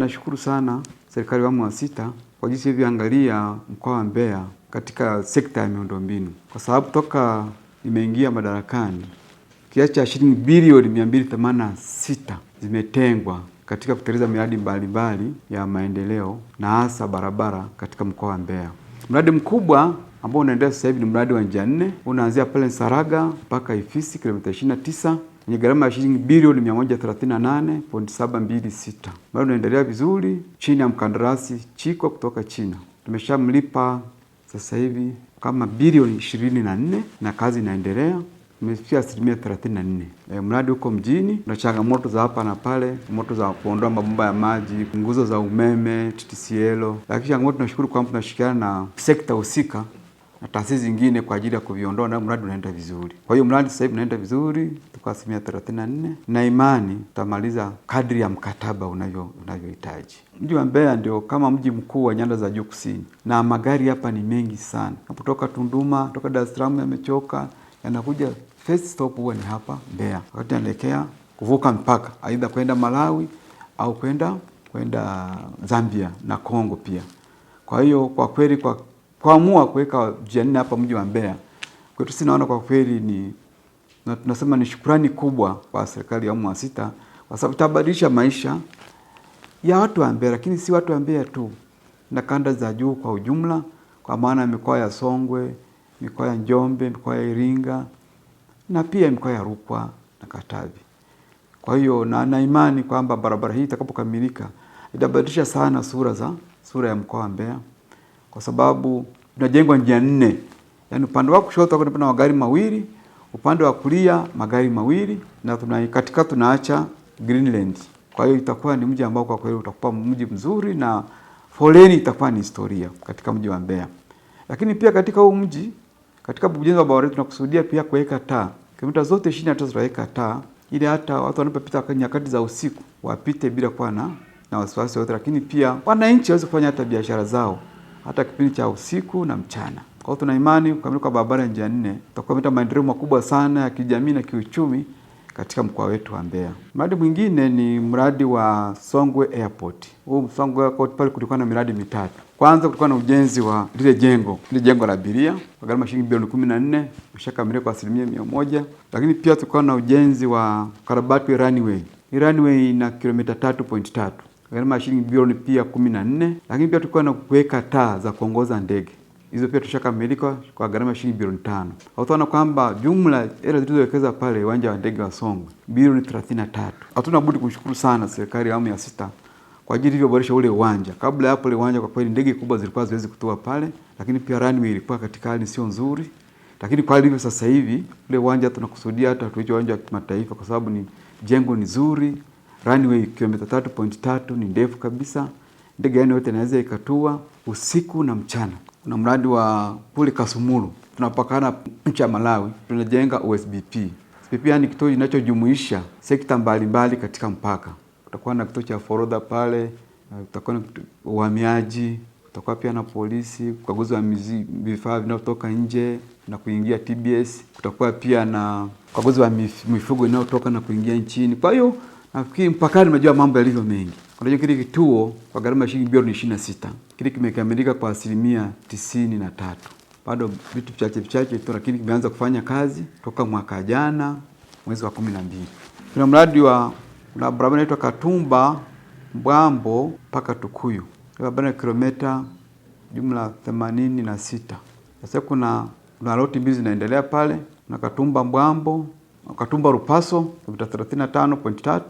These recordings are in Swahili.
Nashukuru sana serikali ya awamu ya sita kwa jinsi ilivyoangalia mkoa wa Mbeya katika sekta ya miundombinu, kwa sababu toka nimeingia madarakani kiasi cha shilingi bilioni sita zimetengwa katika kutekeleza miradi mbalimbali ya maendeleo na hasa barabara katika mkoa wa Mbeya. Mradi mkubwa ambao unaendelea sasa hivi ni mradi wa njia nne unaanzia pale saraga mpaka Ifisi kilomita 29 yenye gharama ya shilingi bilioni 138.726. Bado tunaendelea vizuri chini ya mkandarasi chiko kutoka China. Tumeshamlipa sasa hivi kama bilioni 24 na kazi inaendelea imefikia asilimia 34. E, mradi huko mjini na changamoto za hapa na pale, moto za kuondoa mabomba ya maji, nguzo za umeme, TTCL. Lakini changamoto tunashukuru kwamba tunashirikiana na sekta husika na taasisi zingine kwa ajili ya kuviondoa, na mradi unaenda vizuri. Kwa hiyo mradi sasa hivi unaenda vizuri, tuko asilimia thelathini na nne na imani tutamaliza kadri ya mkataba unavyohitaji. Mji wa Mbeya ndio kama mji mkuu wa nyanda za juu kusini, na magari hapa ni mengi sana, kutoka Tunduma, kutoka Dar es Salaam, yamechoka yanakuja, first stop huwa ni hapa Mbeya, wakati anaelekea kuvuka mpaka aidha kwenda Malawi au kwenda kwenda Zambia na Kongo pia. Kwa hiyo kwa kweli kwa kuamua kuweka njia nne hapa mji wa Mbeya kwetu, si naona kwa kweli ni na tunasema ni shukrani kubwa kwa serikali ya awamu ya sita, kwa sababu itabadilisha maisha ya watu wa Mbeya, lakini si watu wa Mbeya tu na kanda za juu kwa ujumla, kwa maana mikoa ya Songwe, mikoa ya Njombe, mikoa ya Iringa na pia mikoa ya Rukwa na Katavi. Kwa hiyo na na imani kwamba barabara hii itakapokamilika itabadilisha sana sura za sura ya mkoa wa Mbeya kwa sababu tunajengwa njia nne, yaani upande wa kushoto kuna magari mawili, upande wa kulia magari mawili, na tuna katika tunaacha Greenland. Kwa hiyo itakuwa ni mji ambao kwa kweli utakupa mji mzuri na foleni itakuwa ni historia katika mji wa Mbeya. Lakini pia katika huu mji katika ujenzi wa bwawa letu tunakusudia pia kuweka taa. Kilomita zote 23 tutaweka taa ili hata watu wanapopita kwa nyakati za usiku wapite bila kuwa na na wasiwasi wote, lakini pia wananchi waweze kufanya hata biashara zao hata kipindi cha usiku na mchana. Kwa hiyo tuna imani kukamilika kwa barabara ya njia nne tutakuwa kuleta maendeleo makubwa sana ya kijamii na kiuchumi katika mkoa wetu wa Mbeya. Mradi mwingine ni mradi wa Songwe Airport. Huu Songwe Airport pale kulikuwa na miradi mitatu. Kwanza kulikuwa na ujenzi wa lile jengo, lile jengo la abiria kwa gharama shilingi bilioni kumi na nne ushakamilika kwa asilimia mia moja, lakini pia tulikuwa na ujenzi wa karabati runway. Runway ina kilomita tatu point tatu gharama ya shilingi bilioni pia kumi na nne, lakini pia tulikuwa na kuweka taa za kuongoza ndege hizo pia tushakamilika kwa gharama ya shilingi bilioni tano. Utaona kwamba jumla hela zilizowekeza pale uwanja wa ndege wa Songwe bilioni 33. Hatuna budi kumshukuru sana serikali ya awamu ya sita kwa ajili ya kuboresha ule uwanja. Kabla ya hapo ule uwanja kwa kweli ndege kubwa zilikuwa haziwezi kutua pale, lakini pia runway ilikuwa katika hali sio nzuri. Lakini kwa hivyo sasa hivi ule uwanja tunakusudia hata tuiche uwanja wa kimataifa kwa sababu ni jengo ni zuri, runway kilomita 3.3 ni ndefu kabisa, ndege yani yote inaweza ikatua usiku na mchana. Kuna mradi wa kule Kasumulu, tunapakana nchi ya Malawi, tunajenga USBP. USBP yani kituo kinachojumuisha sekta mbalimbali katika mpaka. Kutakuwa na kituo cha forodha pale, kutakuwa na uhamiaji, kutakuwa pia na polisi, ukaguzi wa vifaa vinavyotoka nje na kuingia TBS. Kutakuwa pia na ukaguzi wa mifugo inayotoka na kuingia nchini, kwa hiyo Nafikiri mpakani unajua mambo yalivyo mengi. Unajua kile kituo kwa gharama ya shilingi bilioni 26. Kile kimekamilika kwa asilimia tisini na tatu. Bado vitu vichache vichache tu, lakini kimeanza kufanya kazi toka mwaka jana mwezi wa 12. Kuna mradi wa na barabara inaitwa Katumba Mbwambo mpaka Tukuyu. Barabara ya kilomita jumla 86. Sasa kuna kuna loti mbili zinaendelea pale na Katumba Mbwambo Wakatumba Rupaso kilomita 35.3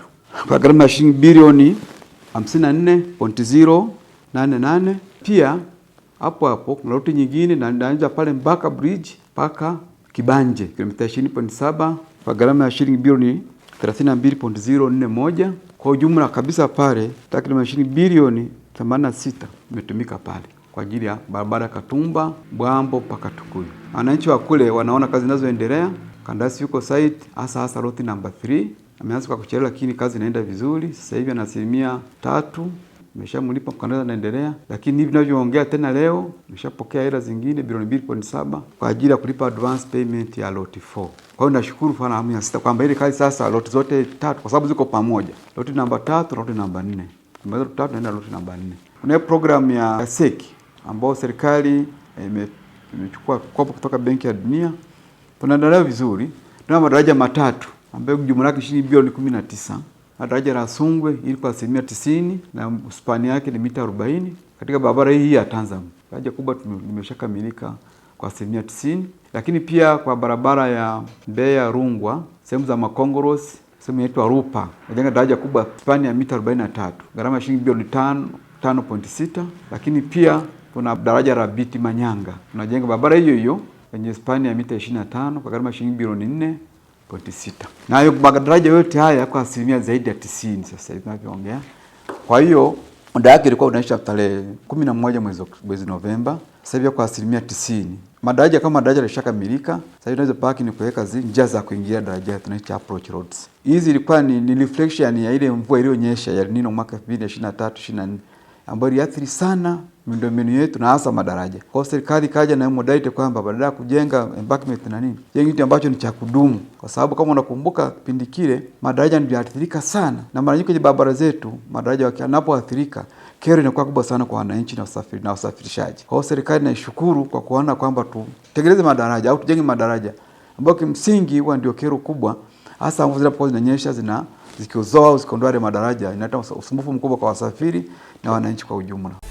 kwa gharama ya shilingi bilioni 54.088. Pia hapo hapo kuna ruti nyingine inaanza pale Mbaka Bridge mpaka Kibanje kilomita 20.7 kwa gharama ya shilingi bilioni 32.041. Kwa ujumla kabisa pale takriban shilingi bilioni 86 imetumika pale kwa ajili ya barabara Katumba Bwambo mpaka Tukuyu. Wananchi wa kule wanaona kazi zinazoendelea kandasi yuko site hasa hasa loti namba 3 ameanza kwa kuchelewa, lakini kazi inaenda vizuri. Sasa hivi ana asilimia tatu, ameshamlipa mkandarasi, anaendelea. Lakini hivi ninavyoongea tena leo ameshapokea hela zingine bilioni 2.7 kwa ajili ya kulipa advance payment ya loti 4. Kwa hiyo nashukuru sana awamu ya sita kwamba ile kazi sasa loti zote tatu, kwa sababu ziko pamoja, loti namba tatu, loti namba 4, kumaliza loti tatu naenda loti namba 4. Kuna programu ya SEC ambayo serikali imechukua kopo kutoka Benki ya Dunia Tunaendelea vizuri. Tuna madaraja matatu ambayo jumla yake shilingi bilioni 19. Daraja la Sungwe iliko asilimia tisini na uspani yake ni mita 40 katika barabara hii ya Tanzam. Daraja kubwa limeshakamilika kwa asilimia tisini, lakini pia kwa barabara ya Mbeya Rungwa, sehemu za Makongoros sehemu inaitwa Rupa, najenga daraja kubwa spani ya mita 43, gharama ya shilingi bilioni 5.6. Lakini pia kuna daraja la Biti Manyanga, tunajenga barabara hiyo hiyo yenye spani ya mita 25 kwa gharama shilingi bilioni 4.6. Na hayo madaraja yote haya kwa asilimia zaidi ya 90 sasa hivi tunavyoongea. Kwa hiyo muda wake ilikuwa unaisha tarehe 11 mwezi mwezi Novemba, sasa hivi kwa asilimia 90. Madaraja kama madaraja yalishakamilika, sasa hivi tunaweza paki ni kuweka njia za kuingia daraja tunaita approach roads. Hizi ilikuwa ni, ni reflection ya ile mvua iliyonyesha ya El Nino mwaka 2023 24 ambayo iliathiri sana miundombinu yetu na hasa madaraja. Kwa hiyo serikali kaja na modality kwamba badala ya kujenga embankment na nini, jenge kitu ambacho ni cha kudumu, kwa sababu kama unakumbuka kipindi kile madaraja ndio yaathirika sana, na mara nyingi kwenye barabara zetu madaraja yanapoathirika kero inakuwa kubwa sana kwa wananchi na usafiri na usafirishaji. Kwa hiyo serikali naishukuru kwa kuona kwamba tutengeneze madaraja au tujenge madaraja ambayo kimsingi huwa ndio kero kubwa, hasa mvua zinapokuwa zinanyesha zina zikiozoa au zikiondoa madaraja, inaleta usumbufu mkubwa kwa wasafiri na wananchi kwa ujumla.